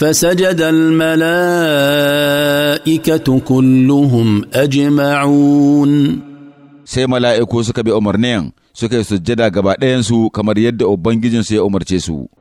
فسجد الملائكة كلهم أجمعون sai mala'iku suka bi umarnin suka yi sujjada gaba ɗayansu kamar yadda Ubangijinsu ya umarce su.